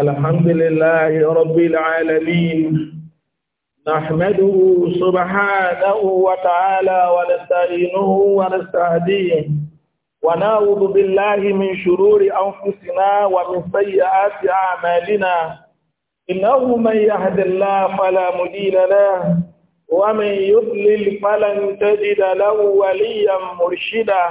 الحمد لله رب العالمين نحمده سبحانه وتعالى ونستعينه ونستهديه ونعوذ بالله من شرور أنفسنا ومن سيئات أعمالنا إنه من يهد الله فلا مدين له ومن يضلل فلن تجد له وليا مرشدا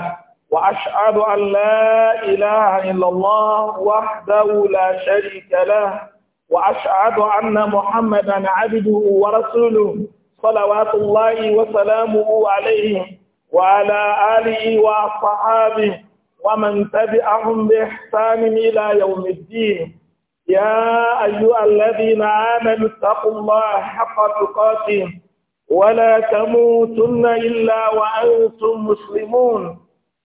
وأشهد أن لا إله إلا الله وحده لا شريك له وأشهد أن محمدا عبده ورسوله صلوات الله وسلامه عليه وعلى آله وأصحابه ومن تبعهم بإحسان إلى يوم الدين يا أيها الذين آمنوا اتقوا الله حق تقاته ولا تموتن إلا وأنتم مسلمون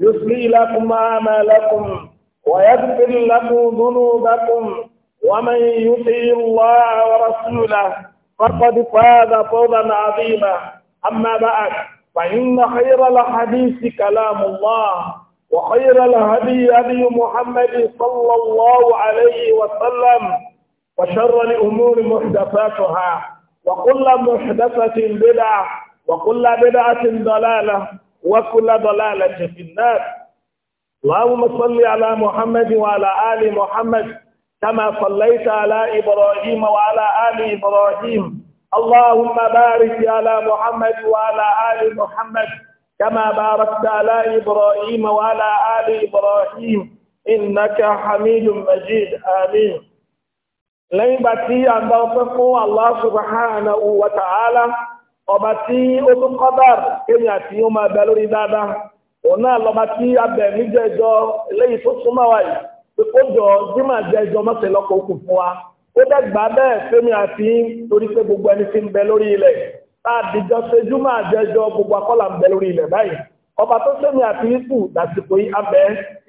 يصلي لكم أعمالكم ويغفر لكم ذنوبكم ومن يطيع الله ورسوله فقد فاز فوزا عظيما أما بعد فإن خير الحديث كلام الله وخير الهدي أبي محمد صلى الله عليه وسلم وشر الأمور محدثاتها وكل محدثة بدعة وكل بدعة ضلالة وكل ضلالة في النار اللهم صل على محمد وعلى آل محمد كما صليت على إبراهيم وعلى آل إبراهيم اللهم بارك على محمد وعلى آل محمد كما باركت على إبراهيم وعلى آل إبراهيم إنك حميد مجيد آمين لين باتي أن الله سبحانه وتعالى ọba tí ó tún kọ́dàr kémi àti ó máa bẹ lórí dáadáa òun náà lọ́ba tí abẹ mi jẹjọ eléyìí tó súnmọ́ wa yìí pé ó jọ jimá jẹjọ mọ́tẹ́ lọ́kọ̀ òkú fún wa ó dẹ́gbà bẹ́ẹ̀ kémi àti torí pé gbogbo ẹni tí ń bẹ lórí ilẹ̀ tá a dìjọ ṣe jumá jẹjọ gbogbo akọ́là ń bẹ lórí ilẹ̀ báyìí ọba tó sẹ́mi àti ikú dàsìkò yìí abẹ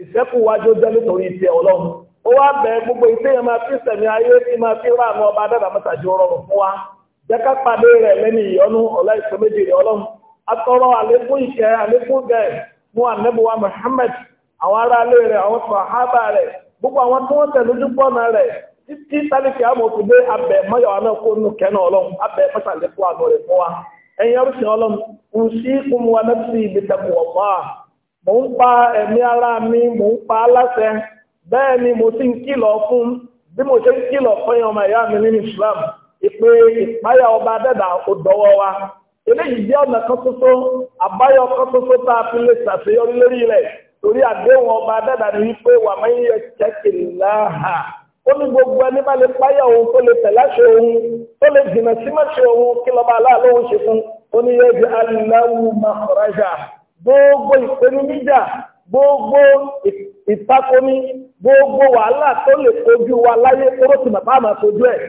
ìṣẹ́kù wájú jẹ́ nítorí ìṣẹ́ ọlọ́run ó wá bẹ gbogbo ìṣẹ́yẹn máa fi sẹ̀mí ayé tí máa fi rà àwọn ọba dáadáa mọ́tàjú rọrùn fún wa jẹ́ká pàdé rẹ̀ lẹ́ni ìyọnu ọ̀la ìsọ̀méjì rẹ̀ ọlọ́run atọ́rọ àlékún ìkẹ́ àlékún gẹ̀ mú ànẹ́bùwà Muhammad àwọn ará ilé rẹ̀ àwọn sàhábà rẹ̀ gbogbo àwọn tí wọ́n tẹ̀lé ojú pọ́nà rẹ̀ títí sálífì àmọ̀tò dé abẹ mọ́yọ̀wá náà kó nù kẹ́nà ọlọ́run abẹ rẹ̀ fún wa ẹ̀yin ọlọ́run sí kún wa ibi tẹ̀kù ọ̀pá mò Islam ìpè ìpáyà ọba dẹ́dà òdọ́wọ́ wa eléyìí jẹ́ ọ̀nà kan ṣoṣo àbáyọ kan ṣoṣo tá a fi lè ṣàṣeyọrí lórí rẹ̀ torí àdéhùn ọba dẹ́dà ni wípé wà máa ń yẹ ó ní gbogbo ẹni bá lè páyà òun tó lè tẹ̀lé àṣẹ òun tó lè jìnnà sí mọ́ṣẹ́ òun kí lọ́ba ṣe gbogbo wàhálà tó lè kojú wa láyé kóró tìmọ̀ bá àmà kojú ẹ̀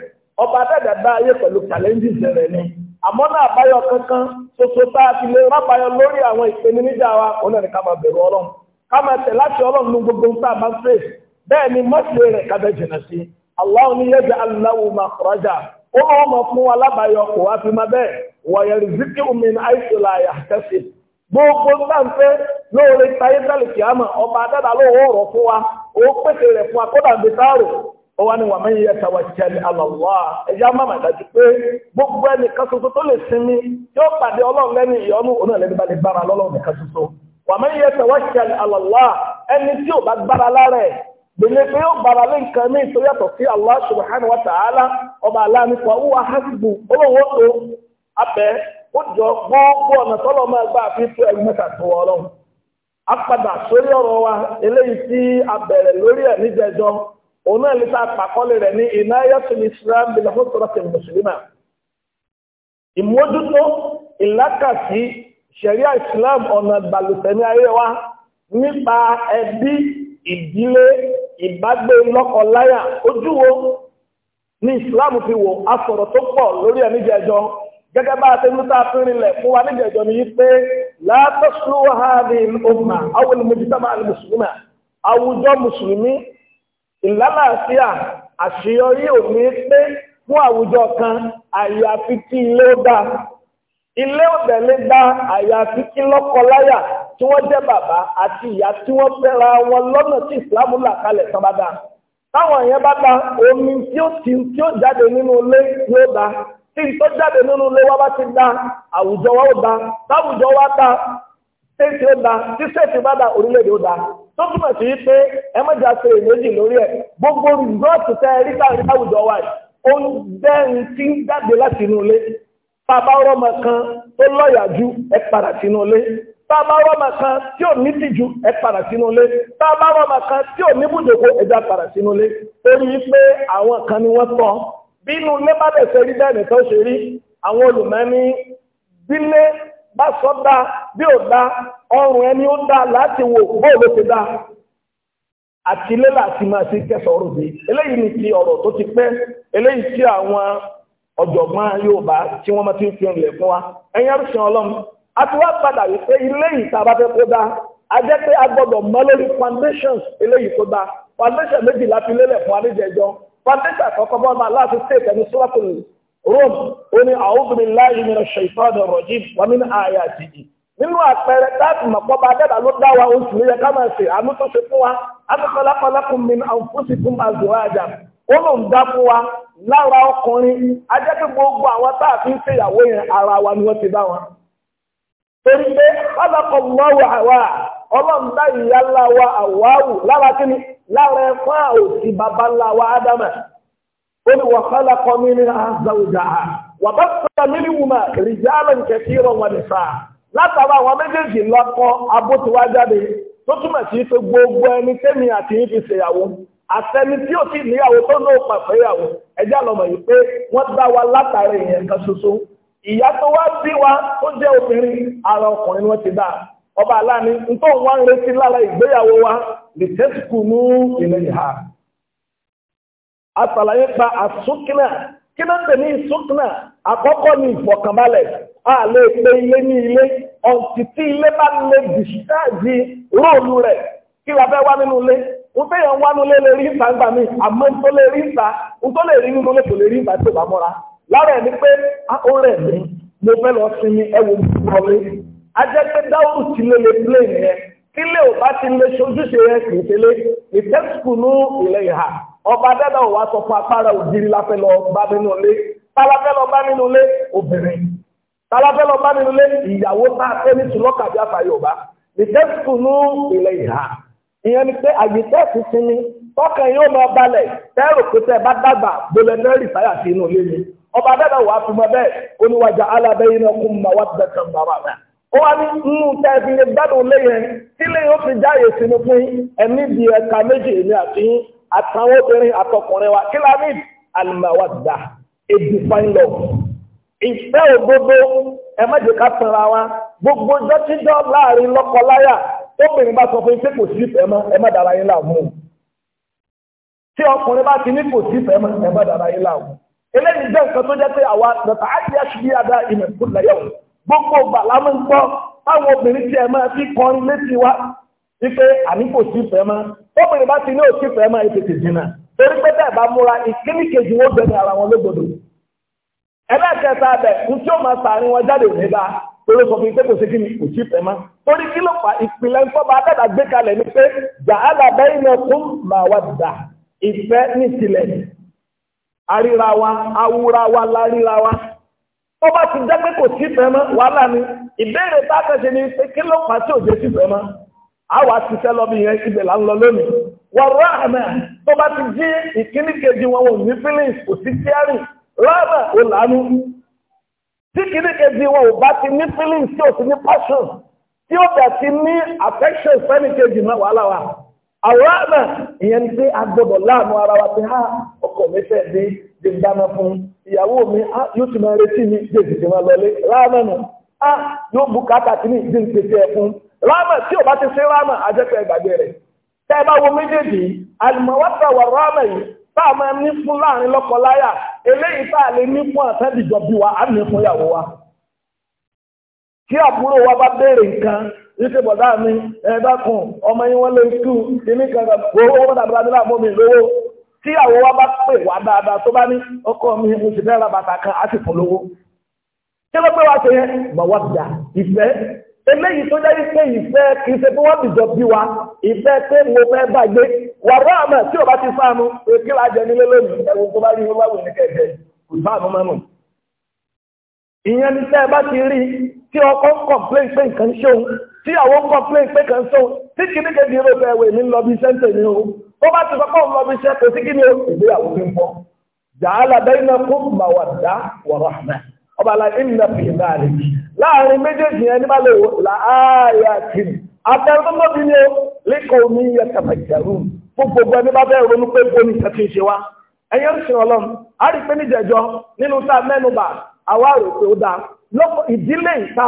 ọba dẹ́dẹ̀dá ayé pẹ̀lú challenges rẹ̀ ni àmọ́ náà àbáyọ kankan ṣoṣo tá a ti lè rábàyọ lórí àwọn ìpèníjà wa òun náà ni ká máa bẹ̀rù ọlọ́run ká máa tẹ̀ láti ọlọ́run ní gbogbo tá a máa ma bẹ́ẹ̀ ni rẹ̀ kábẹ́ jìnnà sí aláwọ̀ ni aláwọ̀ máa ó máa kò wá fi máa bẹ́ẹ̀ rìzíkì omi gbogbo sáǹfẹ́ lóore tayé ọba ó wá ní wà mẹ́yìn yẹ tawakkal ala Allah ẹ̀yà máma dájú pé gbogbo ẹni tó lè sinmi yóò pàdé ọlọ́run ìyọnu òun bá lè gbára lọ́lọ́run nìkan wà mẹ́yìn yẹ tawakkal ala ẹni tí ò bá gbára lára ẹ̀ gbèlè pé gbára lé nǹkan ní ìtòyàtọ̀ sí wa ta'ala ọba òun náà lè ta àpàkọ́lé rẹ̀ ní inayatul islam bil hutratil muslima ìmójútó ìlákàtí ṣẹ̀ríà islam ọ̀nà ìgbàlùsẹ̀mí ayé wa nípa ẹbí ìdílé ìbágbé lọ́kọláya ojú ní islam fi wò asọ̀rọ̀ tó pọ̀ lórí ẹ̀mí jẹjọ gẹ́gẹ́ bá a ti ń ta fún ilẹ̀ fún wa níjẹjọ ni pé la tasluha al muslima àwùjọ mùsùlùmí ìlàlàáfíà àṣeyọrí ò ní pé fún àwùjọ kan àyàfi tí ilé ó dá ilé ọ̀dẹ̀ lè dá àyàfi tí lọ́kọláyà tí wọ́n jẹ́ bàbá àti ìyá tí wọ́n fẹ́ra wọn lọ́nà tí ìsìlámù là kalẹ̀ tán bá dá táwọn yẹn bá dá omi tí ó ti tí ó jáde nínú ilé yóò dá tí tó nínú ilé wa bá ti dá àwùjọ wa ó dá táwùjọ wa dá stéètì ó da tí stéètì bá da orílẹ̀-èdè ó da tó túmọ̀ sí pé ẹ má jà ṣe èméjì lórí ẹ̀ gbogbo rìsọ́ọ̀tì tẹ rí káàrí láwùjọ wa ó ń bẹ́ ń tí ń jáde láti inú ilé bàbá ọlọ́mọ kan tó lọ́yàjú ẹ padà sínú ilé bàbá ọlọ́mọ kan tí ò ní tìjú ẹ padà sínú ilé bàbá ọlọ́mọ kan tí ò ní bùdókò ẹja padà sínú ilé torí pé àwọn kan ni wọ́n tọ́ bínú ilé bá bẹ̀ bá sọ dá bí ò dá ọrùn ẹni ó dá láti wò bó ló ti dá àti lélà àti máa ti kẹsàn ọ̀rọ̀ bí eléyìí ni ti ọ̀rọ̀ tó ti pẹ́ eléyìí tí àwọn ọ̀jọ̀gbọ́n Yorùbá tí wọ́n máa ti fi ọ̀rọ̀ fún wa ẹ̀yin arúgbó Ọlọ́run a ti wá padà wípé ilé ìta bá fẹ́ kó dá a jẹ́ pé a gbọ́dọ̀ mọ́ lórí foundations eléyìí kó dá foundation méjì láti lélẹ̀ fún adéjẹjọ foundation àkọ́kọ́ bọ́ọ̀mà láti state ẹni sọ́lá Rome ó ní a'udhu billahi minash shaitanir rajim wa min ayatihi nínú àpẹẹrẹ táàbù mọ̀pọ́ba dẹ́gbà ló dá wa oṣù yẹ ká máa ṣe àánú tó ṣe fún ó ló ń dá fún wa lára ọkùnrin ajẹ́ pé gbogbo àwọn fi ń ṣèyàwó yẹn ara wa ni wọ́n ti dá wọn. torí pé ọlọ́run dá ìyá ńlá wa àwáwù lára قل وخلق منها زوجها وبث منهما رجالا كثيرا ونساء látara àwọn méjèèjì lọ́kọ́ abótiwájáde tó túmọ̀ sí pé gbogbo ẹni tẹ́mi àti yín fi ṣèyàwó àtẹni tí ó sì níyàwó tó ní òpà fẹ́yàwó ẹjẹ́ àlọ́mọ̀ wa wá bí wa jẹ́ obìnrin ara ni ti ọba aláàánú wa lè tẹ́sùkù ní ilẹ̀ ìhà àtàlàyé pa àsúkínà kí ló ń pè ní ìsúkínà àkọ́kọ́ ní ìfọ̀kànbalẹ̀ a lè pe ilé ní ilé ọ̀sì tí ilé bá lè dìṣáàjì róòlù rẹ̀ kí la fẹ́ wá nínú ilé n tó yàn wá nínú ilé lè rí ìta gbà mí àmọ́ n tó lè rí ìta n tó lè rí nínú ilé kò lè rí ìta tó bá mọ́ra lára ẹ̀ ni pé ó rẹ̀ mo fẹ́ lọ sinmi ẹ̀wò ìgbọ̀lé a jẹ́ pé dáwọ́ ti lè lè plé yẹn kílé ò bá ti lè ṣojúṣe yẹn kì ọba dẹ́dà ò wá sọ fún apára ògiri la fẹ́ lọ bá nínú ilé tálá fẹ́ lọ bá nínú ilé obìnrin tálá lọ bá nínú ilé ìyàwó tá a fẹ́ ní sùlọ́kà bí àfàyè ọba ìtẹ́sùn ní ilẹ̀ ìhà ìyẹn ni pé àyè tẹ́sùn sinmi tọkàn yóò máa balẹ̀ tẹ́rù pété bá dàgbà gbolẹ́nẹ́rì sáyà sí inú ilé ni ọba dẹ́dà wà á fi mọ bẹ́ẹ̀ oníwájà alábẹ́yìn náà kún mọ́ wá bẹ́ẹ̀ ó wá ní inú tẹ́ẹ̀fì lè gbádùn lé yẹn kí lè yóò fi jáyè sínú fún ẹ̀mí di ẹ̀ka méjì èmi àtàwọn obìnrin àtọkùnrin wa kí lámì alimawadà edufáńlọ ìfẹ́ òdodo ẹ má jẹ́ ká tanra wa gbogbo jọ́tíjọ́ láàrin lọ́kọláyà tóbìnrin bá sọ fún yín pé kò sí ìfẹ́ mọ́ ẹ má dára yín láàmú tí ọkùnrin bá ti ní kò sí ìfẹ́ mọ́ ẹ má dára yín láàmú eléyìí jẹ́ nǹkan tó jẹ́ pé àwa nàtà àti àṣìbí àdá ìmẹ̀kú lẹ́yọ̀ gbogbo gbàlámú ń gbọ́ wípé àní kò sí ìfẹ́ mọ́ obìnrin bá ti ní òsì ìfẹ́ mọ́ ètètè jìnnà torí pé bẹ́ẹ̀ bá múra ìkíní kejì wọn gbẹ̀rẹ̀ ara wọn lógbòdò ẹlẹ́kẹta bẹ̀ ń tí ó máa sàárín wọn jáde òní bá torí sọ fún ìtẹ́kọ̀ọ́ sí kí ni kò sí ìfẹ́ mọ́ torí kí ló fà ìpìlẹ̀ ńkọ́ba adáda gbé kalẹ̀ ni pé jàhálà bẹ́yìn náà kún màá wá dà ìfẹ́ ní tilẹ̀ àríra bá ti jẹ́ pé kò sí ìfẹ́ mọ́ wàhálà ni ìbéèrè tá a ni pé kí ló fà sí òjò sí ìfẹ́ mọ́ àwa ṣiṣẹ́ lọ́bí yẹn ibẹ̀ là ń lọ lónìí wọ́n ráàmà tó bá ti jí ìkíní kejì wọn ò ní feelings kò sí tíárì ráàmà ò lánú tí ìkíní kejì wọn ò bá ti ní feelings tí ò ti ní passion tí ó bẹ̀ ti ní affection fẹ́ni kejì náà wàhálà wa àwòrán àmà ìyẹn ni pé a gbọ́dọ̀ láàánú ara wa pé ha ọkọ mi fẹ́ dé dé dáná fún ìyàwó mi ha yóò ti máa retí mi dé ìdìbò máa lọlé ráàmà nù ha yóò bùkátà kí ni ìdí ń pèsè ẹ fún rámà tí ò bá ti sí rámà àjẹpẹ́ ìgbàgbé rẹ̀ tẹ́ ẹ bá wo méjèèjì àlùmọ̀wọ́sà wà rámà yìí tá a máa ní fún láàrin lọ́kọláyà eléyìí tá a lè ní fún àtẹ́dìjọ bí wa á ní fún ìyàwó wa kí àbúrò wa bá béèrè nǹkan yíṣẹ́ bọ̀dá mi ẹ̀ẹ́dàkùn ọmọ yín wọ́n lè tú kìíní kankan owó wọn dàbí adúlá mọ́ mi lówó tí àwọ wa bá pè wá dáadáa tó bá ní ọkọ mi mo sì fẹ́ ra bàtà kan á sì fún lówó kí ló pé wá ṣe yẹn mọ̀wá dà ìfẹ́ eléyìí tó jẹ́ pé ìfẹ́ kì í ṣe pé wọ́n bìjọ bí wa ìfẹ́ pé mo fẹ́ bàgbé wà rọ́ àmọ́ tí o bá ti fáàmù èké la jẹ nílé lónìí ẹ̀wù tó bá rí wọn wáwò ní kẹ̀kẹ́ kò fáàmù mọ́nù. ìyẹn ní sẹ́ ẹ bá ti rí tí ọkọ ń pé nǹkan ṣóun tí àwọn ń pé nǹkan ṣóun tí kìíní kejì rò pé ẹ̀wẹ̀ mi ń lọ bí o tó bá ti kọ́kọ́ ń láàrin méjèèjì ẹ bá lè wò ni ó lẹ́kọ̀ọ́ mi yẹ gbogbo bá bẹ́ẹ̀ ronú pé gbóni wa ẹ̀yẹ́ ń sìn ọlọ́run a rí nínú tá a àwa rò pé ó dáa lọ́pọ̀ ìdílé ìta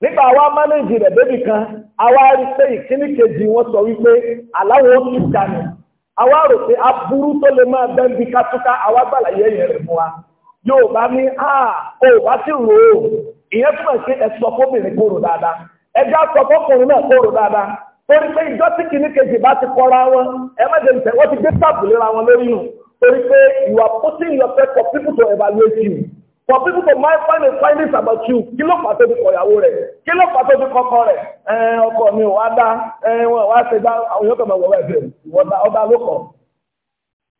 nígbà àwa manage rẹ̀ bébì kan àwa rí pé ìkíní kejì wọn sọ wípé aláwọ̀ tù dànù àwa rò pé aburú tó lè máa àwa yóò bá ní àà ah, o bá sí rò ó ìyẹn túmọ̀ sí ẹ̀sọ́ fóbìnrin kóró dáadáa ẹjẹ́ àsọ fọkùnrin náà kóró dáadáa torí pé ìjọ tí kìíní kejì bá ti kọ́ra wọn ẹ má jẹ́ nìtẹ́ wọ́n ti gbé sáàbù léra wọn lórí nù torí pé you are putting yourself for people to evaluate you for people to mind find a findings about you kí ló fà tó fi kọ̀yàwó rẹ̀ kí ló fà tó fi kọ́kọ́ rẹ̀ ọkọ mi ò wá dá wọn ò wá ṣe dá àwọn yòókù mọ̀ wọ́wọ́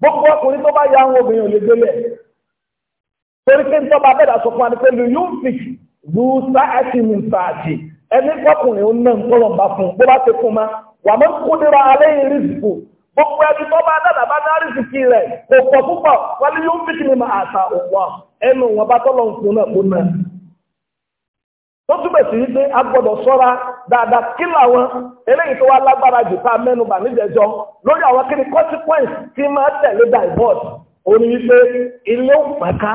gbogbo ọkùnrin tó bá ya àwọn obìnrin ò lè gbélé torí pé nítorí bá bẹ́ẹ̀ sọ fún wa ni pé lu ẹni kọkùnrin ó ná nǹkan fún bó bá ti fún wà mọ́ kúndínlá alẹ́ yìí rìsìkò gbogbo ẹni tó bá bá dá kò pọ̀ púpọ̀ wọ́n ní tó túbẹ̀ sí wípé a gbọ́dọ̀ sọ́ra dáadáa kí làwọn eléyìí tó wá lágbára jù tá a mẹ́nubà níjẹ̀jọ́ lórí àwọn kí ni consequence tí máa tẹ̀lé divorce òní wípé ilé òpàká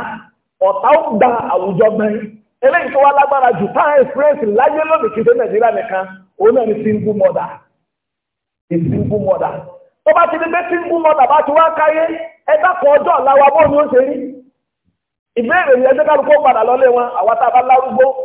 ọ̀tá ó gba àwùjọ gbẹ́yìn eléyìí tó wá lágbára jù tá a experience láyé lónìí kìí ṣe nàìjíríà nìkan òun náà ni single mother a single mother tó bá ti di pé single mother bá ti wá káyé ẹ dákun ọjọ́ ọ̀la wa bóun ni ó ṣe rí ìbéèrè yẹn ṣé kálukú padà lọ́lé wọn àwa tá a bá lárúgbó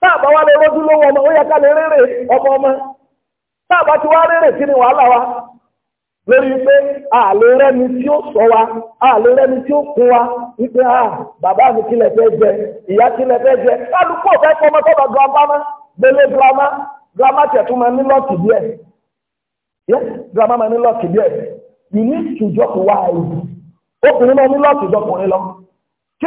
táàbà wa lè rọ́jú lówó ọmọ ó yẹ ká lè rèrè ọmọ ọmọ táàbà ti wá rèrè kí ni wàhálà wa lórí pé àlè rẹ́ni tí ó sọ wa àlè rẹ́ni tí ó kún wa wípé a ah, bàbá mi kí lẹ fẹ́ jẹ ìyá kí fẹ́ jẹ kálukú ọ̀fẹ́ fọmọ tọ́ba gbélé tẹ̀tún máa ní lọ́ọ̀kì díẹ̀ máa ní lọ́ọ̀kì díẹ̀ you need to obìnrin máa ní lọ́ọ̀kì jọkùnrin lọ kí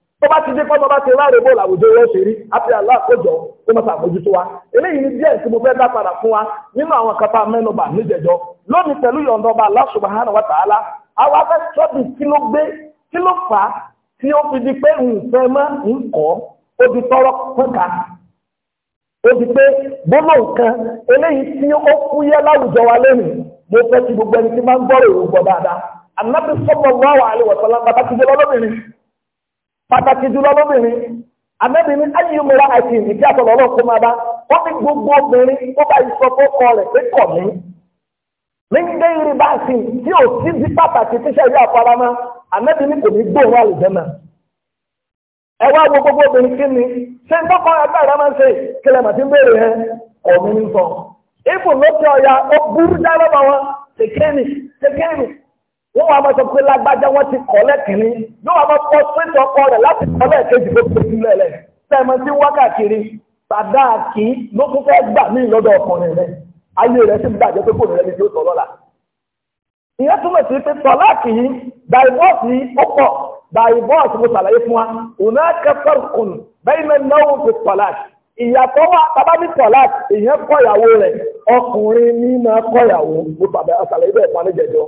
tó bá ti dé kọ́ bá ti ráre bóòlù àwùjọ rẹ̀ ṣe rí àti aláàkójọ tó mọ̀ta àmójútó wa eléyìí ni díẹ̀ tí mo fẹ́ dá fún wa nínú àwọn kata mẹ́nubà níjẹ̀jọ lónìí pẹ̀lú yọ̀ǹdọ̀ba àwa fẹ́ kí ló gbé kí ló fà á tí ó fi di pé mọ́ nǹkọ́ ó di tọ́rọ́ ó di pé nǹkan eléyìí tí ó fúyẹ́ pàtàkì jùlọ lóbìnrin anábìnrin ayélujára àti ìdíkí àtọ̀lọ́ ọlọ́kùnrin máa bá wọ́n fi gbogbo obìnrin tó bá sọ fún ọkọ rẹ̀ pé kọ̀ mí. nígbà yìí bá sì tí ò sí di pàtàkì tíṣà kò ní ẹ wá wo gbogbo obìnrin kí ni ṣé ń tọ́kọ ẹgbẹ́ rẹ máa ń ṣe kílẹ̀ màtí ń béèrè kọ̀ mí ń sọ. wọ́n wá máa sọ pé lágbájá wọ́n ti kọ́ lẹ́kìnní yóò wá máa kọ́ sípò ọkọ rẹ̀ láti kọ́ lẹ́ẹ̀kejì tó fi sílẹ̀ lẹ̀ sẹ́ẹ̀mọ sí wákàkiri sàdáàkì ló tún fẹ́ gbà mí lọ́dọ̀ ọkùnrin rẹ̀ ayé rẹ̀ sì gbàjẹ́ pé kò ní ẹni tí ó sọ lọ́la. ìyẹn túmọ̀ sí pé tọ́láàkì yìí dàìbọ́ọ̀sì ó pọ̀ dàìbọ́ọ̀sì mo ṣàlàyé fún wa òun kẹfẹ́ kùn bẹ́ẹ̀ ni náwó fi tọ́láàkì ìyàtọ̀ wa bàbá ní máa kọ̀yàwó mo ṣàlàyé bẹ́ẹ̀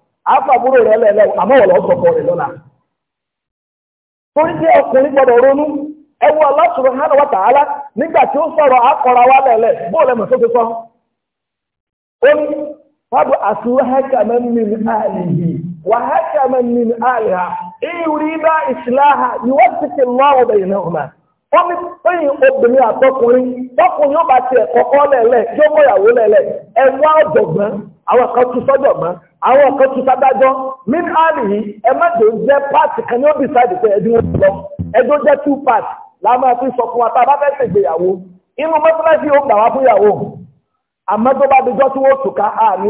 àfàbúrò rẹ lẹ́lẹ́ àmọ́ wọ̀ lọ́sọ̀kọ̀ rẹ̀ lọ́la. torí pé ọkùnrin gbọ́dọ̀ ronú ẹ wo Allah subhanahu wa nígbà tí ó sọ̀rọ̀ akọ̀ra wa lẹ́lẹ́ bóòlù ẹ̀mọ̀ tó sọ. ó ní fábù àsúwò hákàmẹ́ mímí àlìyí wà hákàmẹ́ mímí àlìyá ìrìbá wọ́n mi pín obìnrin àtọkùnrin tọkùnrin yóò bá tiẹ̀ kọ́kọ́ lẹ̀lẹ̀ yóò kọ́yàwó lẹ̀lẹ̀ ẹ̀wọ́ ọ̀jọ̀gbọ́n àwọn kan tún sọ́jọ̀gbọ́n àwọn kan tún sádájọ́ min ali yìí ẹ má dé jẹ́ pààtì kan ní ó bìsáìdì pé ẹdín wọn lọ ẹdún jẹ́ two part la máa fi sọ fún wa tá a bá fẹ́ ṣe ìgbéyàwó inú mọ́tíláṣí yóò gbà wá fún ìyàwó àmọ́ bá dijọ́ tí wọ́n tùká àmì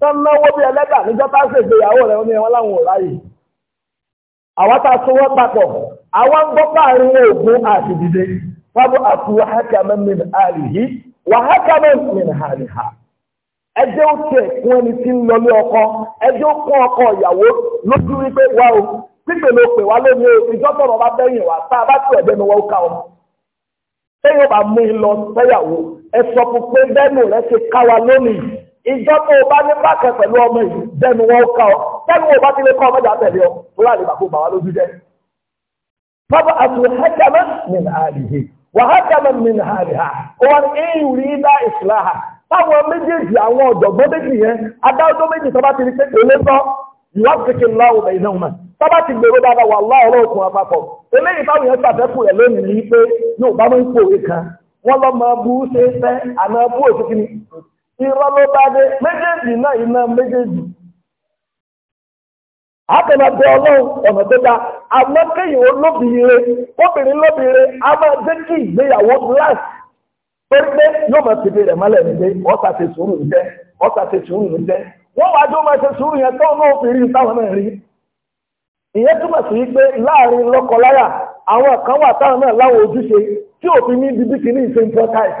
tó náwó bí ẹlẹ́dà níjọ́ tá a ṣe ìgbéyàwó rẹ̀ ní ẹ̀wọ̀n láwọn òráyè àwa tá a sọwọ́ papọ̀ àwa ń gbọ́ páàrin ogun àti dìde fábù àti wàhákàmẹ́ min àlìyí wàhákàmẹ́ min àlìhà ẹjẹ́ ó tẹ̀ fún ẹni tí ń ọkọ ẹjẹ́ ó ọkọ ìyàwó lójú wípé wá o ló pè wá o ìjọ tó o bá ní bákẹ́ pẹ̀lú ọmọ yìí dẹnu wọn ká ọ dẹnu wọn bá ti lè kọ́ ọmọ ìjà tẹ̀lé ọ fúlàní bàbá bàbá lójú jẹ. bàbá àti hẹ́kẹ́mẹ́ mi nà àlìyé wà hẹ́kẹ́mẹ́ mi nà àlìyá wọn ìrì iná ìsìláhà táwọn méjèèjì àwọn ọ̀jọ̀gbọ́n méjì yẹn adájọ́ méjì tó bá ti rí pé kò sọ ìwà kékeré láwùjọ bẹ̀yìn náà mọ̀ tọ́ba ti gbèrò dáadáa wà láọ̀rọ̀ òkun àpapọ̀ irọ́ ló méjèèjì náà iná méjèèjì. Àtẹ̀lẹ́bẹ̀ ọlọ́run ọ̀nà tó àmọ́ obìnrin a máa jẹ́ kí ìgbéyàwó glace torí pé yóò máa tètè rẹ̀ mọ́lẹ̀ nígbé ọ̀sà ti sùúrù jẹ́ ọ̀sà ti sùúrù jẹ́ wọ́n máa ṣe sùúrù yẹn tó náà fi rí táwọn náà rí.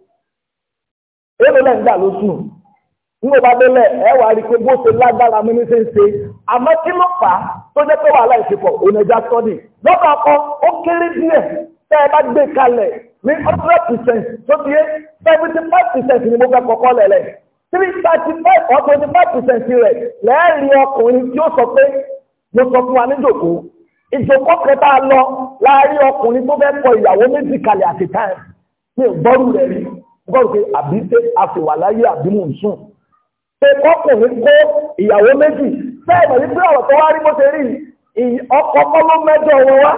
èlò lẹ́ ń gbà lóṣù nígbà bá délẹ̀ ẹ wà á rí i pé bó ṣe lágbára mi ní ṣe ń ṣe àmọ́ kí ló fà á tó jẹ́ pé wàhálà ìṣepọ̀ òun ẹja sọ́ọ̀dì lọ́kọ̀ ọkọ ó kéré díẹ̀ tẹ́ ẹ bá gbé kalẹ̀ ní hundred percent tó ti yé seventy five percent ni mo fẹ́ kọ́kọ́ lẹ̀lẹ̀ three thirty five or twenty five percent rẹ̀ lẹ́ẹ̀rí ọkùnrin tí ó sọ pé mo sọ fún wa níjòkó ìjòkó kẹta lọ láàárín ọkùnrin tó fẹ́ kọ ìyàwó méjì kalẹ̀ àti táì mi ò gbọ́rù rẹ̀ gọ́ọ̀rù pé àbí pé a sì wà láyé àbí mò ń sùn pé kọkùnrin kó ìyàwó méjì bẹ́ẹ̀ mọ̀ pé ọ̀rọ̀ tó wá rí bó ṣe rí ọkọ kọ́ ló mẹ́jọ wọn wá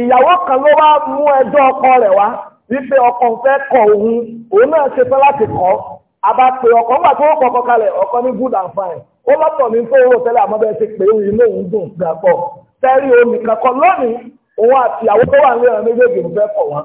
ìyàwó kan ló wá mú ẹjọ́ ọkọ rẹ̀ wá wípé ọkọ ń fẹ́ kọ òun òun náà ṣe fẹ́ láti kọ́ àbá pé ọkọ ńgbà tó kọ ọkọ kalẹ̀ ọkọ ní good and fine ó lọ́tọ̀ mi fún owó tẹ́lẹ̀ àmọ́ bẹ́ẹ̀ ṣe pé inú òun dùn gbà tẹ́rí omi kankan lónìí òun àti ìyàwó tó wà ní ẹ̀rọ méjèèjì ń fẹ́ kọ̀ wọn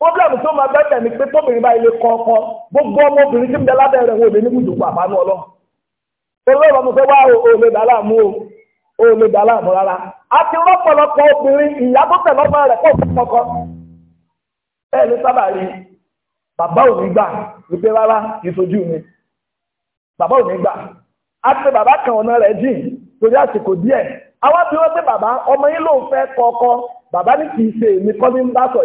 problem tó máa bẹ́ẹ̀ tẹ̀mí pé tóbìnrin bá ilé kọ̀ọ̀kọ́ gbogbo ọmọbìnrin tí ń bẹ lábẹ́ rẹ̀ wò lè ní ibùdókọ̀ àbánú ọlọ́run torí ọ̀rọ̀ mo fẹ́ wá o lè dà láàmú o o lè dà láàmú rárá a ti rọ́pọ̀lọpọ̀ obìnrin ìyá tó tẹ̀ lọ́pọ̀ rẹ̀ pọ̀ fún kọ́kọ́ bẹ́ẹ̀ ní sábà rí bàbá ò ní gbà wípé rárá ìṣojú mi bàbá ò ní gbà a ti bàbá kan ọ̀nà rẹ̀ jìn torí àsìkò díẹ̀ àwọn tí wọ́n pé bàbá ọmọ yín lòun fẹ́ kọ́kọ́ bàbá ní kì í ṣe èmi kọ́ ní ń bá sọ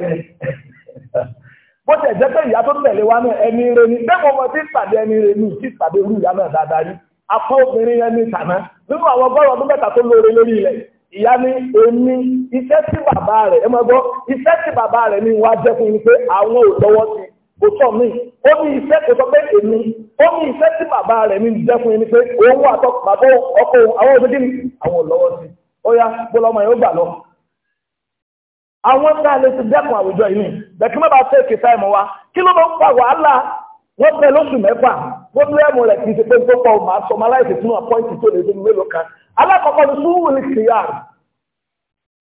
bó ṣe jẹ́ pé ìyá tó tẹ̀lé wa náà ẹni rẹ ni bẹ́ẹ̀ mo mọ tí pàdé ẹni rẹ ni tí pàdé irú ìyá náà dáadáa rí apá obìnrin yẹn ní tàná nínú àwọn ọgọ́rùn ọdún mẹ́ta tó lóore lórí ilẹ̀ ìyá ní èmi iṣẹ́ tí bàbá rẹ̀ ẹ máa gbọ́ iṣẹ́ tí bàbá rẹ̀ ni wọ́n á jẹ́ fún mi pé àwọn ò lọ́wọ́ sí kò tọ̀ mí ó ní iṣẹ́ kò sọ pé èmi ó ní iṣẹ́ tí bàbá rẹ̀ ni jẹ́ fún mi pé òun àtọ́ bàbá ọkọ àwọn òṣèlú àwọn ò lọ́wọ́ sí ó yá bọ́lá ọmọ yẹn ó gbà lọ àwọn tá a lè ti dẹ́kun àwùjọ yìí bẹ̀kí mọ́ bá tẹ́ ìkẹta ẹ̀mọ́ wa kí ló bá ń fa wàhálà wọ́n bẹ lóṣù mẹ́fà wọ́n bí ẹ̀mọ́ rẹ̀ kì í ṣe pé tó pọ̀ máa sọ máa láìsí sínú àpọ́ǹtì tó lè dé mélòó kan alákọ̀ọ́kọ́ ni sùúrù ní kìíyàr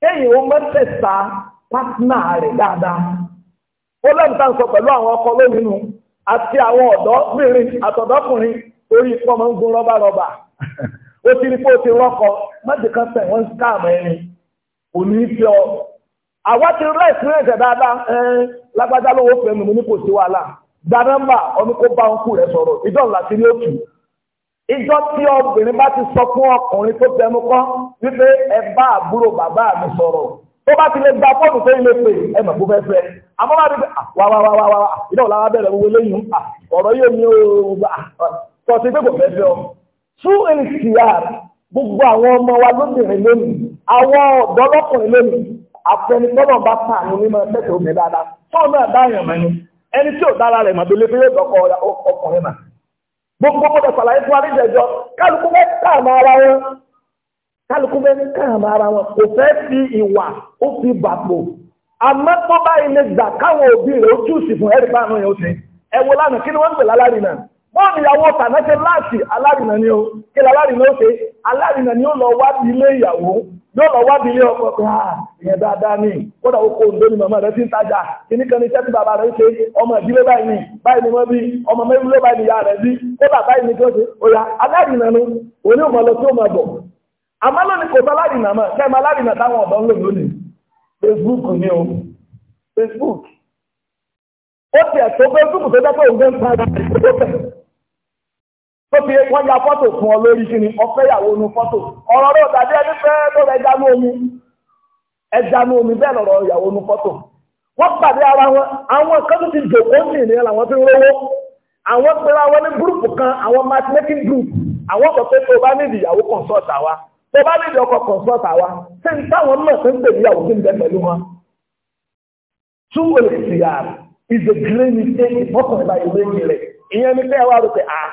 kéyìn ó mẹ́tẹ̀ẹ̀ta pátínà rẹ̀ dáadáa ó lẹ́mìtá ń sọ pẹ̀lú àwọn ọkọ lónìí àti àwọn ọ̀dọ́bìnrin àtọ̀dọ́kùnrin orí pọ́mọ́ ń gun rọ́bà rọ́bà ó ti àwa ti rí experience ẹ̀ dáadáa ẹ̀ẹ́n lágbájá lówó fẹ́ mi ní kò sí wàhálà gba nọ́mbà ọmọ kó bá ń kú rẹ̀ sọ̀rọ̀ ìjọ láti rí òtù ìjọ tí obìnrin bá ti sọ fún ọkùnrin tó tẹnu kọ́ wípé ẹ bá àbúrò bàbá mi sọ̀rọ̀ tó bá ti lè gba fóònù tó ilé pè ẹ mọ̀ kó fẹ́ fẹ́ àmọ́ bá ti bẹ wà wà wà wà wà ìdáwọ̀ lára bẹ̀rẹ̀ wọlé lẹ́yìn ọ̀rọ̀ yóò ní o wa lóbìnrin lónìí àwọn ọ̀dọ́ lọ́kùnrin lónìí àfẹnitọ́lọ̀ bá pa àwọn onímọ̀ ẹ̀fẹ́sẹ̀ omi dáadáa fọ́ọ̀ náà dáyàn mọ́ ni ẹni tí ò dára rẹ̀ mọ̀ tó lé fẹ́rẹ́ dọ́kọ̀ ọkùnrin náà gbogbo gbọdọ̀ sàlàyé fún aríjẹjọ kálukú fẹ́ káàmù ara wọn kálukú fẹ́ káàmù ara wọn kò fẹ́ fi ìwà ó fi bàpò àmọ́ tó bá ilé gbà káwọn òbí rẹ̀ ó túùsì fún ẹ̀rí báwọn yóò ṣe ẹ wo lánàá kí ni wọ́n ń pè lálárìnà bọ́ọ̀lù ìyàwó tànáṣe láàṣì alárìnà ni ó kí lálárìnà ó ṣe alárìnà ni ó lọ wá ilé ìyàwó yóò lọ wá bílé ọkọ pé a ah, ìyẹn dáadáa ní kódà ó kó òǹdó ni màmá rẹ̀ ti ń tajà kíní kan ní iṣẹ́ tí bàbá rẹ̀ ṣe ọmọ ìdílé báyìí ni báyìí ni wọ́n bí ọmọ ìyá bí báyìí ni ṣe òyà òní ò lọ sí bọ̀ àmọ́ Facebook ni o Facebook ó tiẹ̀ tó Facebook tó jẹ́ tó fi wọ́n ya fọ́tò fún ọ lórí kí ni ọ̀fẹ́ ìyàwó nu fọ́tò ọ̀rọ̀ rẹ̀ tàbí ẹni fẹ́ tó rẹ̀ jánu omi ẹjánu omi bẹ́ẹ̀ lọ̀rọ̀ ìyàwó nu fọ́tò wọ́n pàdé ara wọn àwọn kan tó ti jòkó ní ìnira làwọn fi ń rówó àwọn pera wọn ní gúrùpù kan àwọn matchmaking group àwọn kò pé tó bá nídìí ìyàwó consult àwa tó bá nídìí ọkọ consult àwa ṣé n táwọn náà fi ń pè níyàwó kí n bẹ pẹ̀lú wọn. two ways yàrá is a great mistake ìfọkànlá ìwé ìrẹ̀ ìyẹn ni kẹ́ ẹ wá rò pé ah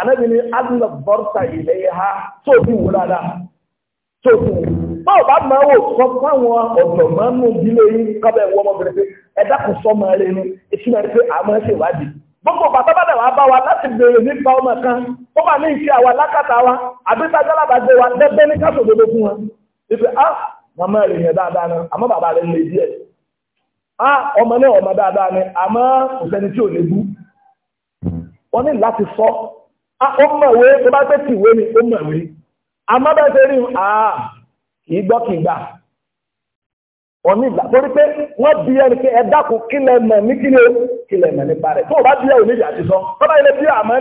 Ànábì ni adúlọ bọ́ọ̀sà ilẹ̀ ha tó fi wò dáadáa tó fi wò. Báwo bá máa wò sọ fáwọn ọ̀dọ̀ máa ń mú ìdílé yín kábẹ̀ wọ́n ọmọbìnrin pé ẹ̀dá kò sọ máa lé ní ìtumọ̀ rẹ̀ pé àmọ́ ẹ̀ ṣèwádìí. Gbogbo bàbá bàbá wa bá wa láti béèrè nípa ọmọ kan, ó máa ní ìṣe àwa lákàtà wa, àbí tájọ́ làbàgbé wa dẹ́gbẹ́ ní káṣọ òdodo fún wa. Ìfẹ́ á màmá rẹ̀ yẹn dáadáa náà, àmọ́ bàbá rẹ̀ lè díẹ̀. Á ah, ọmọ náà ọmọ dáadáa ni, àmọ́ kò sẹ́ni tí ò lè bú. Wọ́n ní láti sọ Ah, ó mọ̀wé tó bá tẹ́ tìwé ni ó mọ̀wé rí àà ah, kìí gbọ́ kìí gbà ìgbà torí pé wọ́n bí ẹni pé ẹ̀dákù kílẹ̀ mọ̀ ní kílẹ̀ kílẹ̀ mọ̀ nípa rẹ̀ tó o bá bí ẹ̀ oníjà ti sọ tó bá bí àmọ́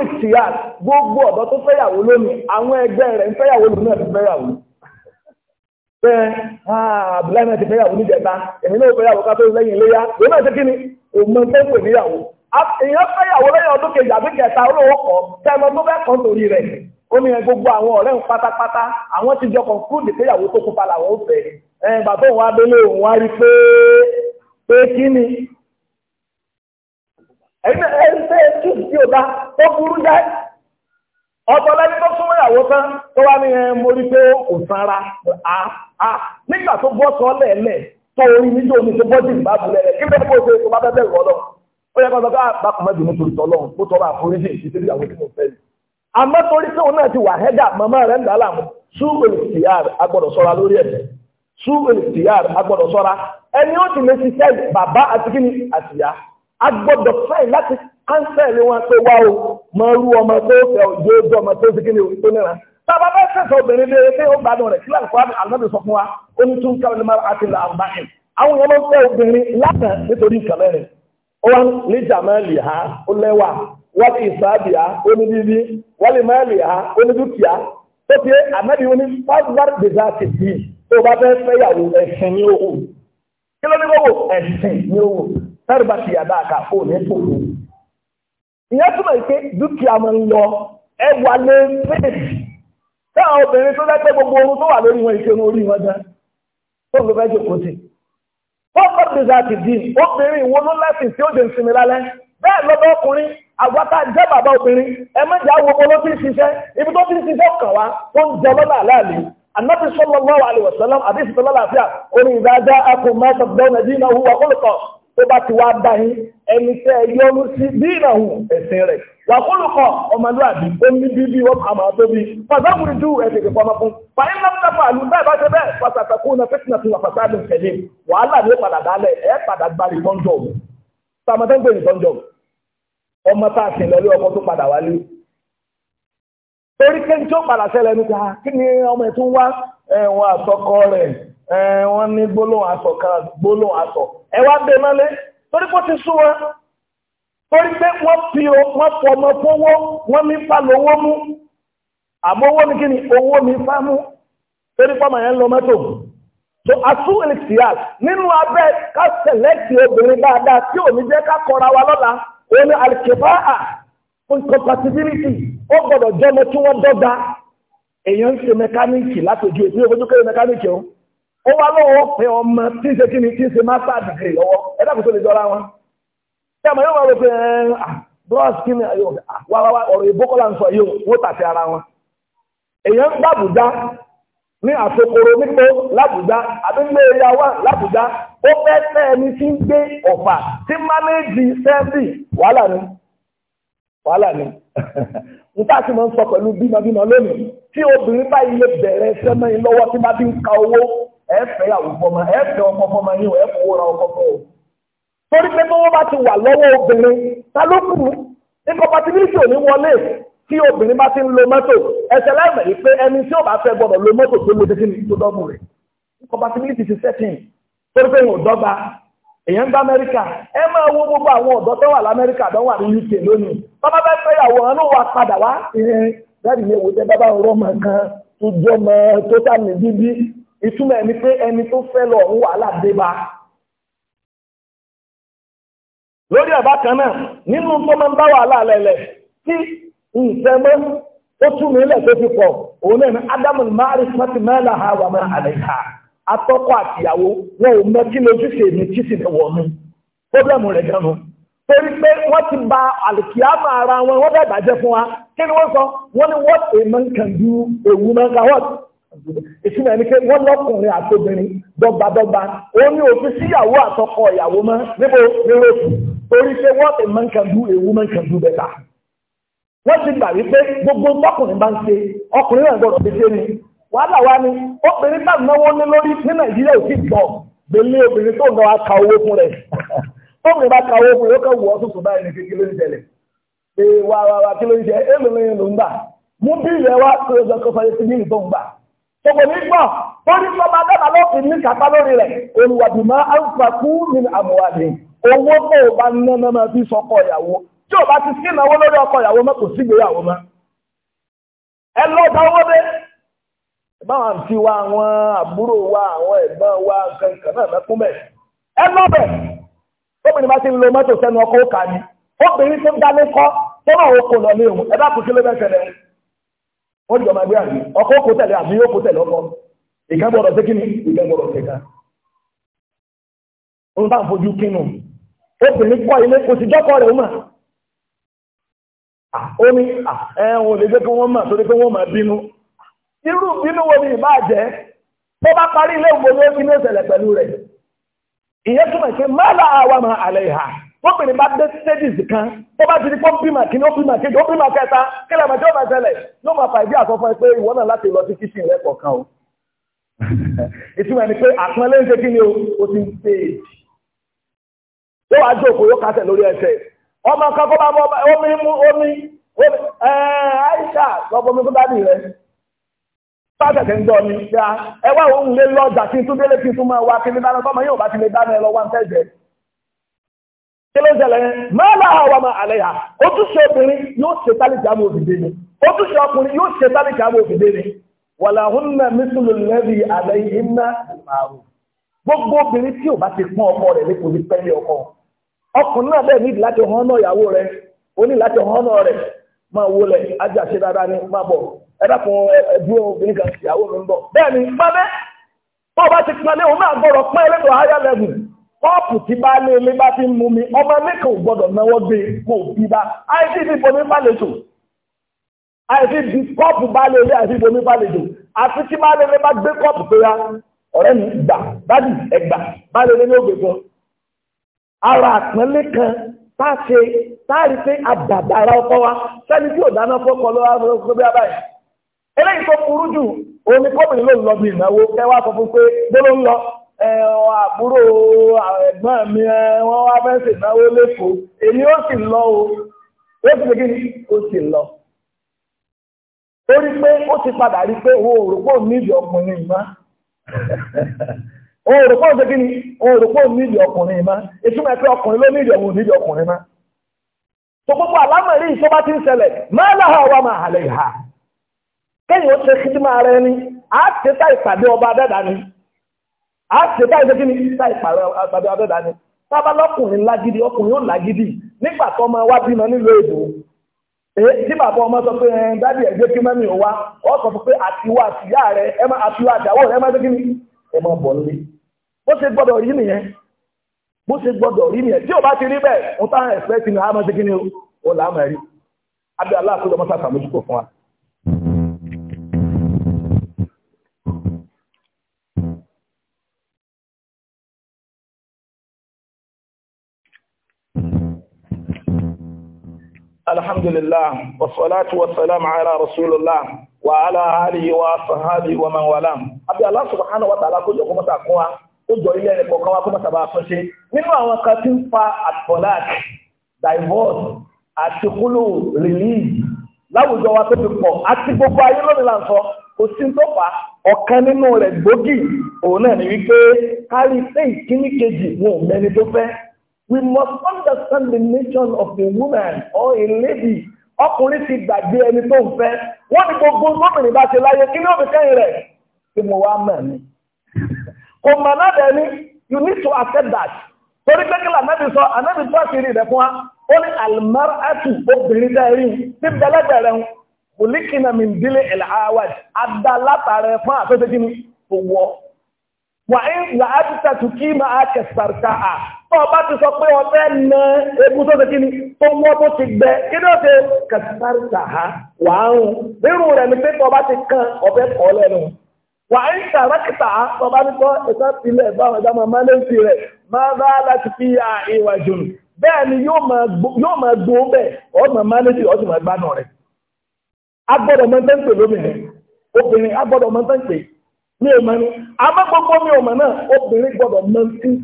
ẹ̀ gbogbo ọ̀dọ́ tó fẹ́yàwó lónìí àwọn ẹgbẹ́ rẹ̀ ń pé àbúláì ah, náà ti fẹ́yàwó níjẹta èmi náà fẹ́yàwó ká tó lẹ́yìn iléyà òun náà ti kí ni òun tó pè níyàwó èèyàn fẹ́yàwó lẹ́yìn ọdún kejì àbí kẹta olówó kọ tẹmọ tó fẹ́ kàn torí rẹ̀ ó ní gbogbo àwọn ọ̀rẹ́ ń pátápátá àwọn ti jọ kọ̀ǹkúrúdì fẹ́yàwó tó kópa làwọn ó fẹ́ ẹ bàbá òun adélé òun wá rí pé pé kí ni ẹgbẹ́ ẹ ń fẹ́ tù sí ọ̀dà ó burú jáì ọ̀tọ̀ lẹ́ni tó súnmọ́ ìyàwó tán tó wá ní ẹn mo rí pé kò sanra àá nígbà tó bọ́ sọ lẹ́ẹ̀lẹ̀ tó orí níjó omi tó bọ́ jìn bá bu kí bẹ́ẹ̀ kó o ṣe tó bá bẹ́ẹ̀ rọ̀ lọ. ó yẹ kó sọ pé bákan mẹ́jọ ní torí tọ́lọ́ ó tọrọ àforíjì ìṣe tó ìyàwó tí mo fẹ́ yìí. àmọ́ torí pé òun náà ti wà hẹ́dà màmá rẹ̀ ń dà láàmú súwèlìtìyàr agbọ́dọ̀ ṣọ́ra lórí ẹ̀sẹ̀ súwèlìtìyàr agbọ́dọ̀ ṣọ́ra ẹni ó ti mẹ́sì sẹ́ẹ̀ bàbá àti kíni àtìyá agbọ́dọ̀ fẹ́ láti kánsẹ́ẹ̀lì wọn pé wá o máa rú ọmọ tó fẹ́ òjò ojú ọmọ tó fi kíni òun tó nira tábà bá sẹ̀sọ̀ obìnrin lé pé ó gbádùn rẹ̀ sílẹ̀ nǹkan àlọ́dẹ sọ fún wa ó ní tún káwọn ẹlẹ́mọ̀ àti ilà àbáyé àwọn èèyàn máa ń fẹ́ obìnrin lánàá nítorí nǹkan mẹ́rin ó wá ní jàmáàlì ha ó lẹ́wà wọ́n ti ìsáàbì ha ó ní bíbí wọ́n lè máàlì ha ó ní dúkìá tó fi ànábì ó ní fásitì dèjà ti bì tó bá fẹ́ fẹ́yàwó ẹ̀sìn ní owó kí ló ní wọ́wọ́ ní owó tẹ́rù ìyẹn túmọ̀ pé dúkìá máa ń lọ ẹwà lé méjì táwọn obìnrin tó lẹ́gbẹ́ gbogbo ohun tó wà lórí wọn ìṣe orí wọn dán tó ló fẹ́ jòkó sí. fọ́ọ̀kọ́ dèzàtì di obìnrin ìwọ ló lẹ́sìn tí ó dé ìsinmi lálẹ́ bẹ́ẹ̀ lọ́dọ̀ ọkùnrin àgbàtà jẹ́ bàbá obìnrin ẹ̀mẹ́jà gbogbo ló ti ṣiṣẹ́ ibi tó ti ń ṣiṣẹ́ kàn wá ó ń jẹ lọ́nà àlàálì النبي صلى الله عليه وسلم حديث الله العافية قل إذا جاءكم tó bá ti wá bá yín ẹni tẹ́ ẹ yọrù sí bí ìrànwọ́ ẹ̀sìn rẹ̀ wàkúlùkọ ọmọlúwàbí omi bíbí wọn àmọ́ àtóbi pàṣẹwùrì ju ẹsẹ̀ ìfẹ́ ọmọ fún fàyè lọ́pọ̀ pàlú bẹ́ẹ̀ bá ṣe bẹ́ẹ̀ pàṣàkó na fẹ́tìnà tó wà fàṣà ló tẹ̀lé wàhálà ló padà dálẹ̀ ẹ̀ padà gbalì tọ́jọ́ sàmọ́tẹ́ ń gbèrè tọ́jọ́ ọmọ tá a sì lọ́lé ọkọ tó padà wálé torí kéńtó padà sẹ́lẹ̀ níta kí ni ọmọ ẹ̀ tún wá ẹ̀wọ̀n àtọkọ rẹ̀ wọ́n ní gbólóhùn asọ̀ kan gbólóhùn asọ̀ ẹ wá bẹ mọ́lé torí pé ti wọn torí pé wọ́n fi wọ́n fọ ọmọ fowó wọ́n ní fa lówó mú àmọ́ owó ní kíni owó ní fa mú torí lọ mọ́tò so nínú abẹ́ ká sẹ̀lẹ́tì obìnrin dáadáa tí ni a ó jẹ́ tí wọ́n dọ́gba èèyàn ń mẹkáníìkì látòjú èyí ó fojú ó wá lọ́wọ́ pé ọmọ tí ń ṣe kí ni tí ń ṣe master degree lọ́wọ́ ẹ dákun tó lè jọra wọn. ṣé àmọ́ yóò máa rò pé bros kí ni wà wá ọ̀rọ̀ ìbókọ́lá ń sọ yìí wọ́n tàṣẹ ara wọn. èèyàn ń gbàbùdá ní àsokoro nígbó lábùdá àbígbé ẹ̀yà wà lábùdá ó fẹ́ tẹ́ ẹni tí ń gbé ọ̀fà tí mánéèjì sẹ́ẹ̀sì wàhálà ni wàhálà ni nígbà tí mo ń sọ pẹ̀lú bímọ bímọ lónìí tí obìnrin báyìí lè bẹ̀rẹ̀ sẹ́mẹ́yìn lọ́wọ́ tí bá ti ń ka owó ẹ̀fẹ́ ìyàwó fọmọ ẹ̀fẹ́ ọkọ fọmọ yín ẹ̀fọ́ wọ́ra ọkọ fọ́ o. torí pé tọ́wọ́ bá ti wà lọ́wọ́ obìnrin ta ló kù incompatibility ò ní wọlé tí obìnrin bá ti ń lo mọ́tò ẹsẹ̀ láìmọ̀ yìí pé ẹni tí ó bá fẹ́ gbọ́dọ̀ lo mọ́tò tó lo dídí ní tó dọ́gbù rẹ̀ incompatibility ti setting torí pé ìwọ̀n dọ́gba èèyàn ń bá amẹ́ríkà ẹ máa wo gbogbo àwọn ọ̀dọ́ tó wà lamẹ́ríkà tó wà ní uk lónìí bàbá bá fẹ́ yàwó hàn ló wà padà wá ìrìn láti ní ewu tẹ bàbá ọ̀rọ̀ mọ̀ kan tó jọ mọ́ tó tà ní bíbí ìtumọ̀ ẹni pé ẹni tó fẹ́ lọ ń wàhálà dé bá lórí ọ̀bá kan náà nínú tó máa ń bá wàhálà lẹ̀lẹ̀ tí nǹkan mọ́ ó tún mi lẹ̀ tó fi pọ̀ òun náà ni ádámù máàrí sọ́tì mẹ́lá ha wà máa àlẹ́ ha atọ́kọ̀ àtìyàwó wọn ò mọ kí lójúṣe mi tí sì lẹ̀ wọ̀ọ́nù pọ́blẹ́mù rẹ̀ gan-an torí pé wọ́n ti ba àlùkìyàmọ̀ ara wọn wọ́n bẹ̀ bàjẹ́ fún wa kí ni wọ́n sọ wọ́n ní what a man can do a woman can what ìtumọ̀ ẹni pé wọ́n lọ́kùnrin àtobìnrin dọ́gbadọ́gba ó ní òfin síyàwó àtọkọ ìyàwó mọ́ níbo nírètí torí pé wọ́n ti man can do a woman can do better. wọ́n ti gbà wípé gbogbo tọkùnrin bá ń ṣe ọkùnrin náà gbọ́dọ̀ fi ṣe ni wàhálà wa ni obìnrin náà náwó ní lórí ní nàìjíríà ò sì gbọ́ gbélé obìnrin tó náà ka owó fún rẹ̀ tóbìnrin bá ka owó fún rẹ̀ ó kàn wọ́ tuntun báyìí ní kékeré ń tẹ̀lẹ̀ wàá wàá kí ló ń jẹ èlò ló ń gbà mú bí ilẹ̀ wa kó o sọ kó fayé sí ní ìtọ́ ń gbà Gbogbo a gbọ́, ọba dábàá ló fi ní kápá lórí Owó tó o bá ná náà máa fi ọkọ ìyàwó. Tí o bá ti sí lórí ọkọ ìyàwó mọ́ kò sí ìgbéyàwó Ẹ lọ owó dé. kankan náà mẹ́kún Ẹ lọ bẹ̀. Obìnrin bá ti lo mọ́tò sẹ́nu ọkọ̀ Obìnrin tó kọ́ tó náà ó kò lọ ní òun. ó jọ máa gbé àbí ọkọ̀ kó tẹ̀lé àbí yóò kó tẹ̀lé ọkọ sí ń bá fojú kínú ilé kò sí jọ́kọ̀ rẹ̀ ó ó ní ẹ̀hún lè jẹ́ kí wọ́n mà torí pé wọ́n mà bínú irú bínú wo ni ìbá jẹ́ tó bá parí ilé ìgbòho ní ìṣẹ̀lẹ̀ pẹ̀lú rẹ̀ wọ́n pèrè bá dé stages kan ó bá ti di pọ́ bímọ kí ni ó bímọ ó bímọ kẹta kílẹ̀ àmọ́ tí ó máa ṣẹlẹ̀ máa fà ìdí àkọ́kọ́ pé ìwọ náà láti lọ sí kíṣìn rẹ kọ̀ọ̀kan o ìtumọ̀ pé àpọ́nlé ń ṣe kí ni o ti ń yóò wá yóò kásẹ̀ lórí ẹsẹ̀ ọmọ kan kó bá bọ́ omi mú omi Aisha mi kó dá nìyẹn ń dọ́ ẹ wá òun lé lọ́jà kí n tún délé kí n tún máa wá kí ló ń ṣẹlẹ̀ yẹn ya ojúṣe obìnrin yóò ṣe tálíkì àmọ́ òfìdé ni ojúṣe ọkùnrin yóò ṣe tálíkì àmọ́ òfìdé ni wàlàhùnà mísùlù lẹ́bi àlẹ́ yìí gbogbo obìnrin tí bá ti ọkọ ọkọ ọkùnrin náà láti hàn náà ní láti hàn náà máa wọlé ajá ṣe dáadáa ní ẹ obìnrin kan mi ń ni kọ́ọ̀pù tí bá lé ilé bá ti ń mú mi ọmọ ẹlẹ́kọ̀ọ́ gbọ́dọ̀ náwó gbé kó bí bá àìsí ti bomi bálejò àìsí ti kọ́ọ̀pù bá lé ilé àìsí bomi bálejò àti tí bá lé ilé bá gbé kọ́ọ̀pù tó yá ọ̀rẹ́ mi gbà dádì ẹgbà bá lé ilé ní ògbè kan. ara àpẹẹlẹ kan tá a ṣe tá a rí pé àdàdàrà ọkọ wa sẹ́ni tí ò dáná fọ́kọ lọ́wọ́ fọ́kọ bí abáyé eléyìí tó burú jù òun ni kọ́ọ̀pù ẹ̀wọ̀n àbúrò ẹ̀gbọ́n mi wọ́n wá fẹ́ sì náwó èyí ó sì lọ o ó sì lọ. ó rí pé ó ti padà rí pé òun òrùpọ̀ níbi ọkùnrin mọ́ òun ni òun ọkùnrin mọ́ ìtumọ̀ ọkùnrin ló níbi ọkùnrin mọ́. tó gbogbo ti a ṣe báyìí ṣe kí ni ìta ìpàrọ̀ àgbàdo abẹ́dà ni tábà lọ́kùnrin lágídí ọkùnrin ó lágídí nígbà tó ọmọ wa bímọ nílò èdò èyí tí bàbá ọmọ sọ pé ẹ dádì ẹgbẹ́ kí mẹ́mí ò wá ọ sọ pé àtiwá àtìyá rẹ ẹ má rẹ má ṣe ẹ má bọ̀ nílé bó ṣe gbọ́dọ̀ rí nìyẹn bó ṣe gbọ́dọ̀ rí nìyẹn tí ò الحمد لله والصلاة والسلام على رسول الله وعلى آله وصحبه ومن والاه أبي الله سبحانه وتعالى ta'ala kó jọ kó mọ́ta kún wa ó jọ ilé ẹni kọ̀ọ̀kan wa kó mọ́ta bá fún ṣe nínú àwọn kan tí ń fa atolak divorce àti kúlù release láwùjọ wa tó fi pọ̀ àti gbogbo ayé lónìí là ń sọ kò sí tó fà ọ̀kan nínú rẹ̀ gbòógì òun náà ni wípé kárí pé ìkíní kejì wọn ò mẹ́ni tó fẹ́ we must understand the nature of the woman or a lady ọkùnrin ti gbàgbé ẹni tó ń fẹ́ wọ́n ní gbogbo gómìnà bá ṣe láyé kí ni òbí kẹ́yìn rẹ̀ kí mo wá mọ̀ ni. kò mọ̀ náà bẹ́ẹ̀ ni you need to accept that torí pé kí lànà bí sọ ànábì tó àti rí rẹ̀ fún wa ó ní alimar atu obìnrin dá rí ní bẹ́lẹ́dẹ̀ rẹ̀ ń kòlíkìnà mi délé ẹ̀ láwàj adá látàrẹ fún àfẹ́fẹ́ kí ni owó wà á ti tàtù kí máa kẹsàrìkà á. ọba ti sọ pé ọfẹ́ na egun tó ṣe kí ni tó mọ́ tó ti gbẹ kí ló ṣe kàtàrí tàhá wà á hùn rẹ̀ ni pé ọba ti kan ọfẹ́ kọ́ lẹ́nu wà á ń tàràkìtà ọba ní kọ́ ẹ̀ka máa fi rẹ̀ máa bá láti fi ya ìwà jù bẹ́ẹ̀ ni yóò máa gbó bẹ́ẹ̀ máa fi rẹ̀ máa ń tẹ́ ń pè lómìnir obìnrin máa ń tẹ́ ń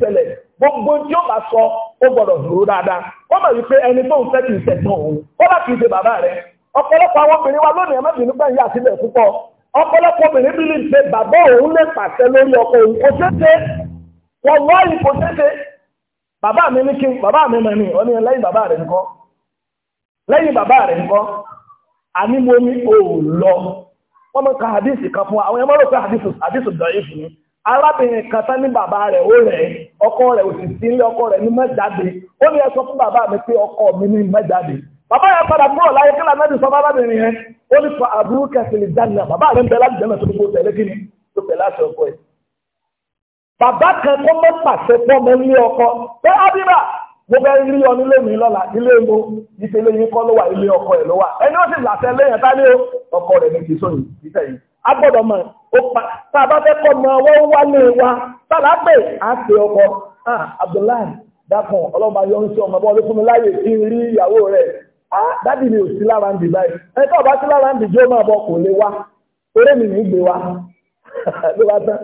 pè ní gbogbo tí ó bá sọ ó gbọ́dọ̀ dúró dáadáa ó mọ̀ wípé ẹni tó ń fẹ́ kì í ṣẹ̀gbọ́n òun ó bá kì í ṣe bàbá rẹ̀ ọ̀pọ̀lọpọ̀ àwọn obìnrin wa lónìí ẹ̀mẹ́bìnrin nígbà yìí àtibẹ̀ púpọ̀ ọ̀pọ̀lọpọ̀ obìnrin bí lè ṣe bàbá òun lè pàṣẹ lórí ọkọ òun kò ṣeéṣe wọn lọ yìí kò ṣeéṣe bàbá mi ní kí bàbá mi mọ̀ ní ọ̀nà lẹ́yìn bàbá rẹ̀ nǹkan lẹ́yìn bàbá rẹ̀ nǹkan àní mo ní òun wọ́n mọ̀ ká hadisi kan fún wa àwọn ẹ̀mọ́ rò pé hadisi dọ̀ arábìnrin kan tán ní bàbá rẹ̀ ó rẹ̀ ọkọ rẹ̀ òsìsì ilé ọkọ rẹ̀ ní mẹ́jáde ó ní ẹ fún bàbá mi pé ọkọ mi ní mẹ́jáde bàbá yẹn padà kúrò láyé kí lànà ìdí sọfún yẹn ó ní àbúrú kẹsìlì jáde bàbá ń bẹ láti jẹ́ mẹ́tò gbogbo tẹ̀lé kíni tó bàbá kan mọ́ pàṣẹ ọkọ pé ábírà mo rí ọ nílé mi lọ́la ilé mo ó pa tá a bá fẹ́ kọ́ mọ ọwọ́ wa pé pè ọkọ ah, Abdullahi dákun ọlọ́mọ ayọ́ ń sọ ọmọ bọ́ọ̀lù fún mi láyè kí n rí ìyàwó rẹ̀ ah, dádì mi ò sí lára ń dì báyìí ẹ̀ka ọba sí lára ń dì jẹ́ ọmọ ọbọ kò lè wá wa ló bá tán.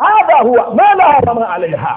ha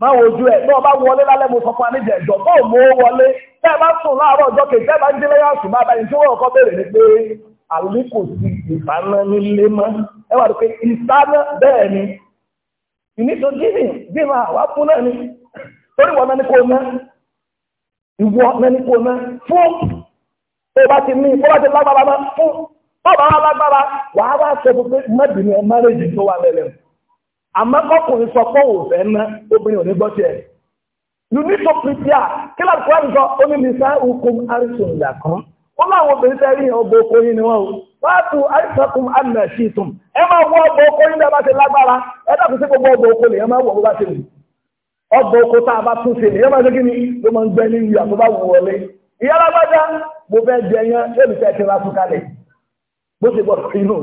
má wojú ẹ̀ náà bá wọlé lálẹ́ mo sọ fún aníjẹ̀ ẹ̀jọ̀ náà mo wọlé tẹ́ ẹ bá sùn láàárọ̀ ọjọ́ kejì ẹ bá ń délé yàtọ̀ máa báyìí tí wọ́n kọ́ béèrè ni pé àlè kò sí ìfaná nílé mọ́ ẹ wà lópe ìsáná bẹ́ẹ̀ ni ìníṣó jíìnì bí máa wá fún náà ni torí wọn náà ní kò ná ìwọ náà ní kò ná fún tó bá ti ní bó bá ti lágbára náà fún bó bá wà lágbára wàá wá sọ fún pé má bìnrin ẹ má àmọ́ ọkùnrin sọ pé òun fẹ́ mọ́ obìnrin ò ní gbọ́ tiẹ̀. you need to prepare kí láti kọ́ àdùsọ onímìsá ukùn àrísùn ìyà kan wọ́n máa wọ obìnrin tẹ́rí yẹn ọgbọ oko yín ni wọ́n o fáàtù àrísàkùn àmì àṣìtùn ẹ máa wọ ọgbọ oko yín bí a bá ti lágbára ẹ dàbí sí gbogbo ọgbọ oko nìyẹn máa wọ bó bá ti oko tá a bá tún ṣe nìyẹn máa ṣe kí ni ló máa ń gbẹ ní ìyá tó bá wù wọlé ìyá lágbájá mo fẹ́ jẹ yẹn lẹ́nu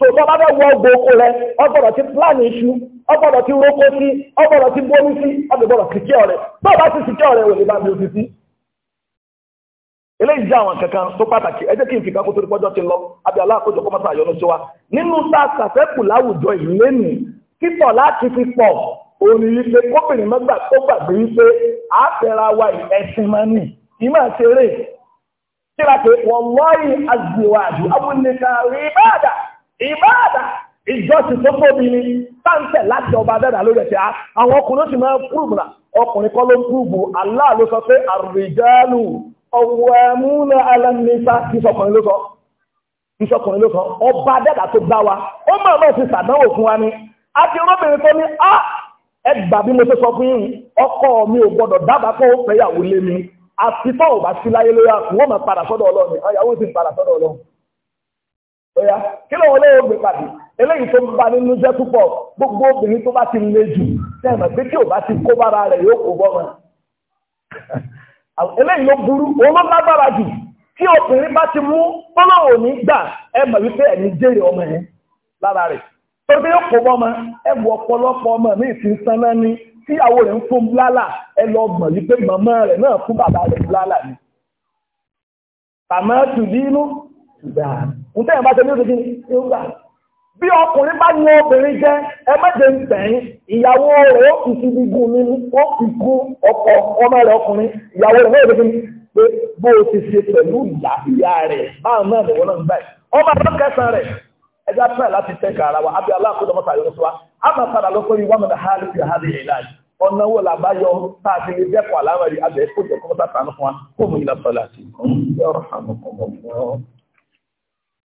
tòótọ́ bá bẹ́ wọ ọgbọ oko rẹ ọgbọ́dọ̀ ti plan ti roko sí ọgbọ́dọ̀ ti bá ti secure rẹ wòlé bá mi eléyìí àwọn kankan tó pàtàkì ẹ kí n fi kankan tó ti lọ abẹ́ aláàkójọ kọ́ mọ́tà àyọ̀nù sí wa nínú tá a sàfẹ́kù láwùjọ ìlénì láti fi ìbáàdà ìjọsìn tó tóbi ni táǹtẹ̀ láti ọba dẹ́dà lórí ẹ̀sẹ̀ àwọn ọkùnrin sì máa ń púrùbù náà ọkùnrin kọ́ ló ń púrùbù Allah ló sọ pé àrùjálù ọwọ́ ẹ̀múlẹ̀ alẹ́mísà kì í sọkùnrin ló sọ kì í sọkùnrin ló sọ ọba dẹ́dà tó gbá wa ó máa máa ti sàdánwò fún wa ni àti rọ́bìnrin tó ní á ẹgbà bí mo ṣe sọ fún yìí ọkọ mi ò gbọdọ̀ dábàá kó fẹ́yàwó lé mi àti fọ́ ò bá sí láyé lóyà wọ́n máa padà sọ́dọ̀ ọlọ́run ọ̀yá kí lóun lè gbé pàdé eléyìí tó ń ba nínú iṣẹ́ púpọ̀ gbogbo obìnrin tó bá ti le jù sẹ́ẹ̀mọ̀ pé tí ò bá ti kó bára rẹ̀ yóò kó bọ́ wọn. eléyìí ló burú òun ló lágbára jù tí obìnrin bá ti mú olówó ní gbà ẹ mọ̀ wípé ẹ̀mí jèrè ọmọ yẹn lára rẹ̀ torí yóò kó bọ́ ọmọ ẹ wọ ọ̀pọ̀lọpọ̀ ọmọ mi ti san náà ni tíyàwó rẹ̀ ń fún blálà ẹ lọ mọ̀ wípé màmá rẹ̀ náà fún bàbá rẹ̀ blálà ni. tàmẹ́tù dínú ìgbà ǹtẹ́ ìyẹn bá ṣe ní oṣù kìíní yóò gbà. bí ọkùnrin bá yan obìnrin jẹ ẹ mẹ́jẹ ń tẹ̀yìn ìyàwó rẹ̀ ó fi fi gígùn nínú ó fi gún ọkọ ọmọ rẹ̀ ọkùnrin ìyàwó rẹ̀ náà lóṣù pé bó o ti ṣe pẹ̀lú ìyá ìyá rẹ̀ báwọn náà lọ́wọ́ náà ń báyìí ọmọ àlọ́ kẹsàn-án rẹ̀ ẹja pẹ́ láti tẹ́ka ara wa abẹ́ aláàkójọmọ́ta yọ̀ sọ́wọ́ a máa padà lọ sórí wàmúdà hálì la bá yọ tá a ti lè dẹ́kun àlámọ̀rí abẹ́ wa kó mu